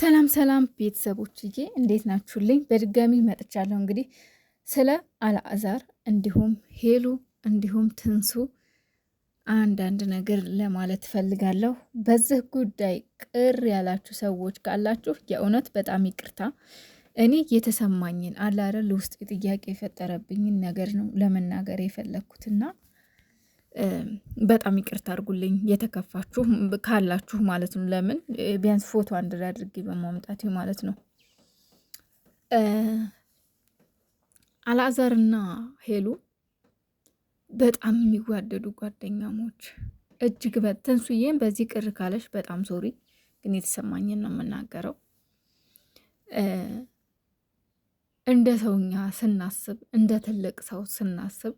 ሰላም ሰላም ቤተሰቦችዬ እንዴት ናችሁልኝ? በድጋሚ መጥቻለሁ። እንግዲህ ስለ አልአዛር እንዲሁም ሄሉ እንዲሁም ትንሱ አንዳንድ ነገር ለማለት እፈልጋለሁ። በዚህ ጉዳይ ቅር ያላችሁ ሰዎች ካላችሁ የእውነት በጣም ይቅርታ። እኔ የተሰማኝን አላረል ውስጥ ጥያቄ የፈጠረብኝን ነገር ነው ለመናገር የፈለግኩትና በጣም ይቅርታ አድርጉልኝ የተከፋችሁ ካላችሁ ማለት ነው። ለምን ቢያንስ ፎቶ አንድ ላይ አድርጌ በማምጣት ማለት ነው። አላዛርና ሄሉ በጣም የሚዋደዱ ጓደኛሞች እጅግ በተንሱዬም በዚህ ቅር ካለሽ በጣም ሶሪ፣ ግን የተሰማኝን ነው የምናገረው። እንደ ሰውኛ ስናስብ፣ እንደ ትልቅ ሰው ስናስብ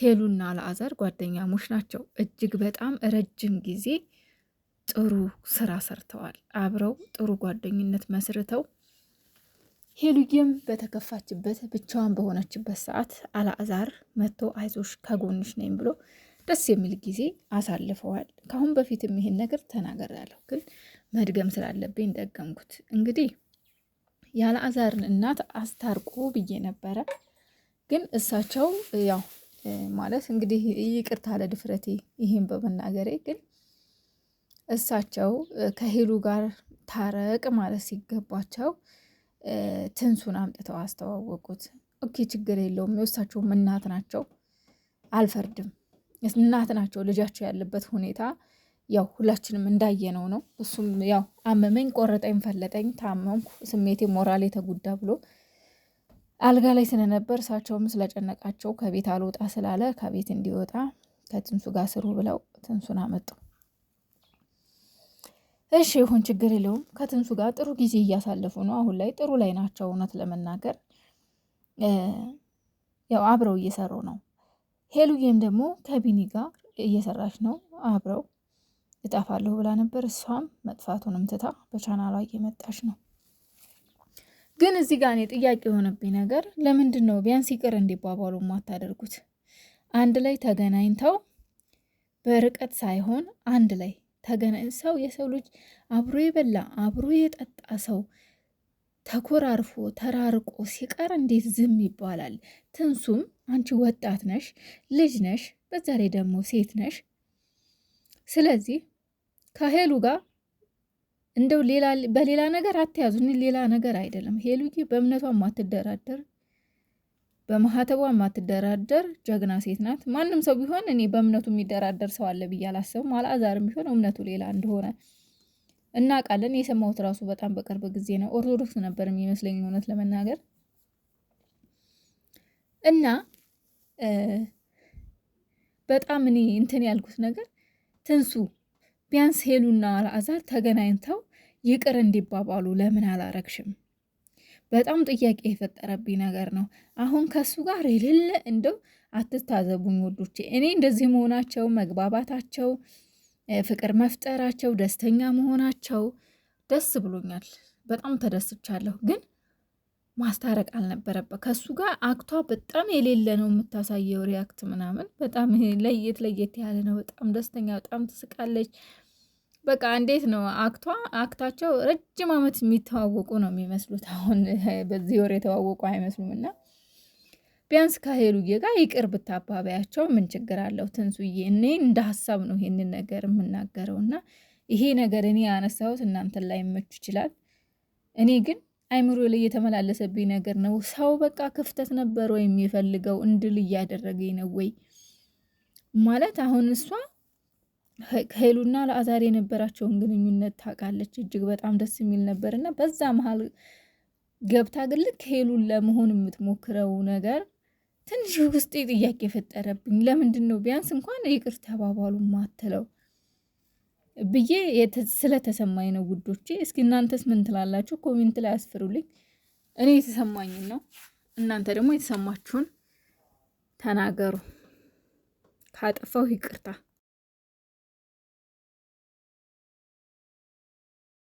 ሄሉና ለአዛር ጓደኛሞች ናቸው። እጅግ በጣም ረጅም ጊዜ ጥሩ ስራ ሰርተዋል። አብረው ጥሩ ጓደኝነት መስርተው ሄሉዬም በተከፋችበት ብቻዋን በሆነችበት ሰዓት አላዛር መጥቶ አይዞሽ ከጎንሽ ነኝ ብሎ ደስ የሚል ጊዜ አሳልፈዋል። ከአሁን በፊትም ይሄን ነገር ተናገራለሁ፣ ግን መድገም ስላለብኝ ደገምኩት። እንግዲህ የአላዛርን እናት አስታርቁ ብዬ ነበረ፣ ግን እሳቸው ያው ማለት እንግዲህ ይቅርታ ለድፍረቴ ይህን በመናገሬ ግን እሳቸው ከሄሉ ጋር ታረቅ ማለት ሲገባቸው ትንሱን አምጥተው አስተዋወቁት። ኦኬ ችግር የለውም የእሳቸውም እናት ናቸው፣ አልፈርድም። እናት ናቸው። ልጃቸው ያለበት ሁኔታ ያው ሁላችንም እንዳየነው ነው። እሱም ያው አመመኝ፣ ቆረጠኝ፣ ፈለጠኝ፣ ታመምኩ፣ ስሜቴ ሞራሌ ተጎዳ ብሎ አልጋ ላይ ስለነበር እሳቸውም ስለጨነቃቸው ከቤት አልወጣ ስላለ ከቤት እንዲወጣ ከትንሱ ጋር ስሩ ብለው ትንሱን አመጡ። እሺ ይሁን ችግር የለውም። ከትንሱ ጋር ጥሩ ጊዜ እያሳለፉ ነው። አሁን ላይ ጥሩ ላይ ናቸው። እውነት ለመናገር ያው አብረው እየሰሩ ነው። ሄሉዬም ደግሞ ከቢኒ ጋር እየሰራች ነው። አብረው እጠፋለሁ ብላ ነበር። እሷም መጥፋቱንም ትታ በቻናሏ እየመጣች ነው። ግን እዚህ ጋር እኔ ጥያቄ የሆነብኝ ነገር ለምንድን ነው ቢያንስ ይቅር እንዲባባሉ ማታደርጉት? አንድ ላይ ተገናኝተው በርቀት ሳይሆን አንድ ላይ ተገናኝ ሰው የሰው ልጅ አብሮ የበላ አብሮ የጠጣ ሰው ተኮራርፎ ተራርቆ ሲቀር እንዴት ዝም ይባላል? ትንሱም አንቺ ወጣት ነሽ፣ ልጅ ነሽ፣ በዛ ላይ ደግሞ ሴት ነሽ። ስለዚህ ከሄሉ ጋር እንደው ሌላ በሌላ ነገር አትያዙ። ሌላ ነገር አይደለም። ሄሉዬ በእምነቷ ማትደራደር በማህተቧ ማትደራደር ጀግና ሴት ናት። ማንም ሰው ቢሆን እኔ በእምነቱ የሚደራደር ሰው አለ ብዬ አላሰብም። አልአዛርም ቢሆን እምነቱ ሌላ እንደሆነ እናውቃለን። የሰማሁት ራሱ በጣም በቅርብ ጊዜ ነው። ኦርቶዶክስ ነበር የሚመስለኝ እውነት ለመናገር እና በጣም እኔ እንትን ያልኩት ነገር ትንሱ ቢያንስ ሄሉና አልዓዛር ተገናኝተው ይቅር እንዲባባሉ ለምን አላረግሽም? በጣም ጥያቄ የፈጠረብኝ ነገር ነው። አሁን ከሱ ጋር የሌለ እንደው አትታዘቡኝ ወዶቼ። እኔ እንደዚህ መሆናቸው፣ መግባባታቸው፣ ፍቅር መፍጠራቸው፣ ደስተኛ መሆናቸው ደስ ብሎኛል። በጣም ተደስቻለሁ ግን ማስታረቅ አልነበረበት። ከእሱ ጋር አክቷ በጣም የሌለ ነው የምታሳየው ሪያክት ምናምን በጣም ለየት ለየት ያለ ነው። በጣም ደስተኛ፣ በጣም ትስቃለች። በቃ እንዴት ነው አክቷ አክታቸው ረጅም ዓመት የሚተዋወቁ ነው የሚመስሉት። አሁን በዚህ ወር የተዋወቁ አይመስሉም። እና ቢያንስ ከሄሉዬ ጋር ይቅር ብታባቢያቸው ምን ችግር አለው? ትንሱዬ፣ እኔ እንደ ሀሳብ ነው ይሄንን ነገር የምናገረው እና ይሄ ነገር እኔ ያነሳሁት እናንተን ላይ መች ይችላል። እኔ ግን አይምሮ ላይ የተመላለሰብኝ ነገር ነው። ሰው በቃ ክፍተት ነበር ወይ የሚፈልገው? እንድል እያደረገኝ ነው ወይ ማለት አሁን እሷ ከሄሉና ለአዛር የነበራቸውን ግንኙነት ታውቃለች። እጅግ በጣም ደስ የሚል ነበር እና በዛ መሀል ገብታ ግን ልክ ሄሉን ለመሆን የምትሞክረው ነገር ትንሽ ውስጤ ጥያቄ የፈጠረብኝ። ለምንድን ነው ቢያንስ እንኳን ይቅር ተባባሉ ማትለው? ብዬ ስለተሰማኝ ነው ውዶቼ። እስኪ እናንተስ ምን ትላላችሁ? ኮሜንት ላይ አስፍሩልኝ። እኔ የተሰማኝን ነው፣ እናንተ ደግሞ የተሰማችሁን ተናገሩ። ካጠፋው ይቅርታ